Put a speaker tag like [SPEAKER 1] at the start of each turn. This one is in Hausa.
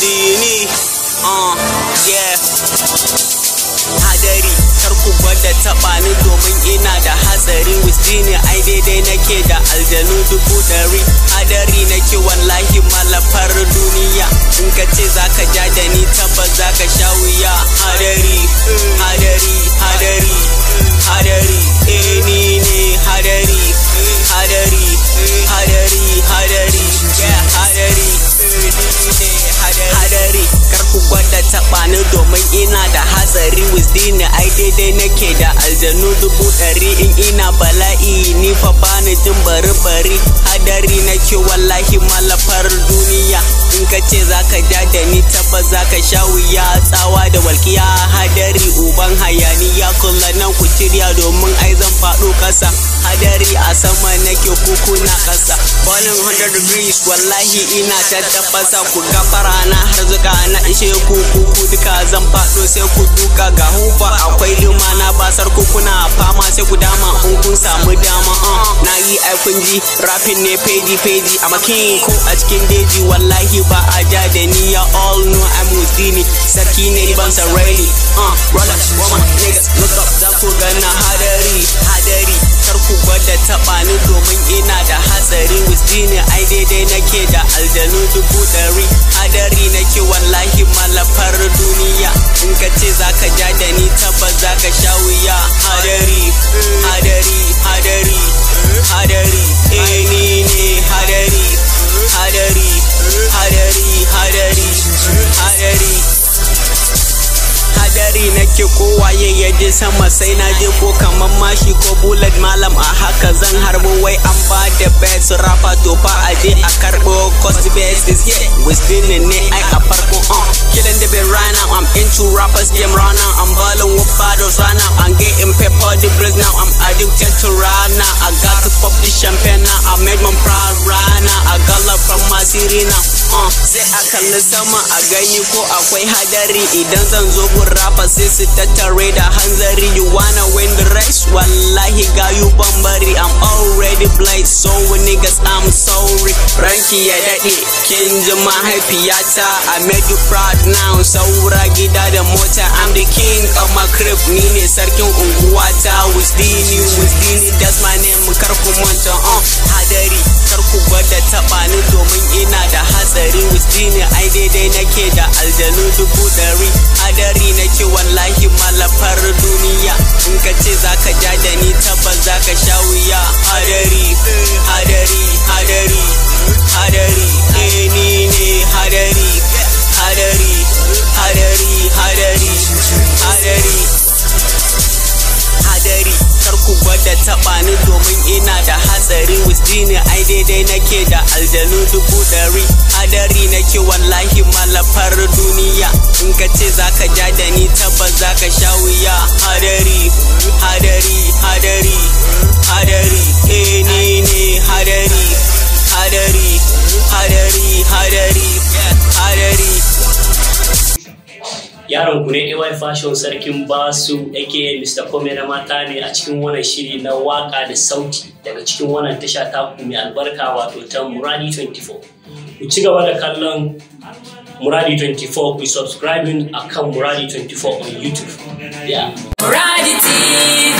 [SPEAKER 1] dini you Uh, yeah. Hadari, kar ku gwada taɓa ni domin ina da hatsari wujini ai daidai nake da aljanu dubu ɗari. Hadari nake wallahi malafar duniya, in ka ce za ka ja taba domin ina da hatsari wuzdini ai daidai nake da aljanu dubu ɗari in ina bala'i ni fa bani jin bari bari hadari nake wallahi malafar duniya in ka ce zaka ja tabbas za ka sha wuya tsawa da walkiya hadari uban hayaniya kulla nan ku shirya domin ai zan faɗo ƙasa hadari a sama nake kuku na ƙasa falling 100 degrees wallahi ina ta tafasa ku gafara na har zuka na ishe ku kuku duka zan faɗo sai ku duka ga hufa akwai gasar ko kuna fama sai ku dama in kun samu dama uh. na yi aikun ji rapping ne peji peji a makin ko a cikin deji wallahi ba a ja da ni ya all know I'm Houdini sarki ne ban sa raini uh. woman niggas look up za ku gana hadari hadari kar ku gwada taba ni domin ina da hatsari Houdini ai daidai nake da aljanu dubu ɗari hadari nake wallahi malafar duniya in ka ce za ka ja da ni taba kowa sama sai na je ko mashi ko bullet malam a haka zan harbo wai an ba da best rapper to fa a je a karbo best is here farko on uh. killing the right now i'm into rappers game right now i'm balling with bottles right now i'm getting paper the break now i'm addicted to right now i got to pop the champagne now i made my pride right now i got love from my city now uh, sai a kalli sama a gani ko akwai hadari idan zan zo gun rafa sai su tattare da hanzari you wanna win the race wallahi gayu bambari I'm already blind so niggas I'm sorry ranki ya daɗe kin ji mahaifiyata I made you proud now saura gida da mota I'm the king of my crib ni ne sarkin unguwata with dini with dini that's my name kar ku manta uh, hadari kar ku gwada daidai nake da aljanu dubu dari adari nake wallahi malafar duniya in ka ce zaka ja da ni tabbas ka sha wuya adari adari da taɓa ni domin ina da hatsari wisdini ai daidai nake da aljanu dubu ɗari hadari nake wallahi malafar duniya in ka ce zaka ja da ni tabbas yaron ku ne AY Fashion Sarkin Basu aka Mr. Kome na mata ne a cikin wannan shiri na waka da sauti daga cikin wannan tasha ta mai albarka wato ta Muradi 24. Ku ci gaba da kallon Muradi 24 ku subscribing akan Muradi 24 on YouTube. Yeah. Muradi TV.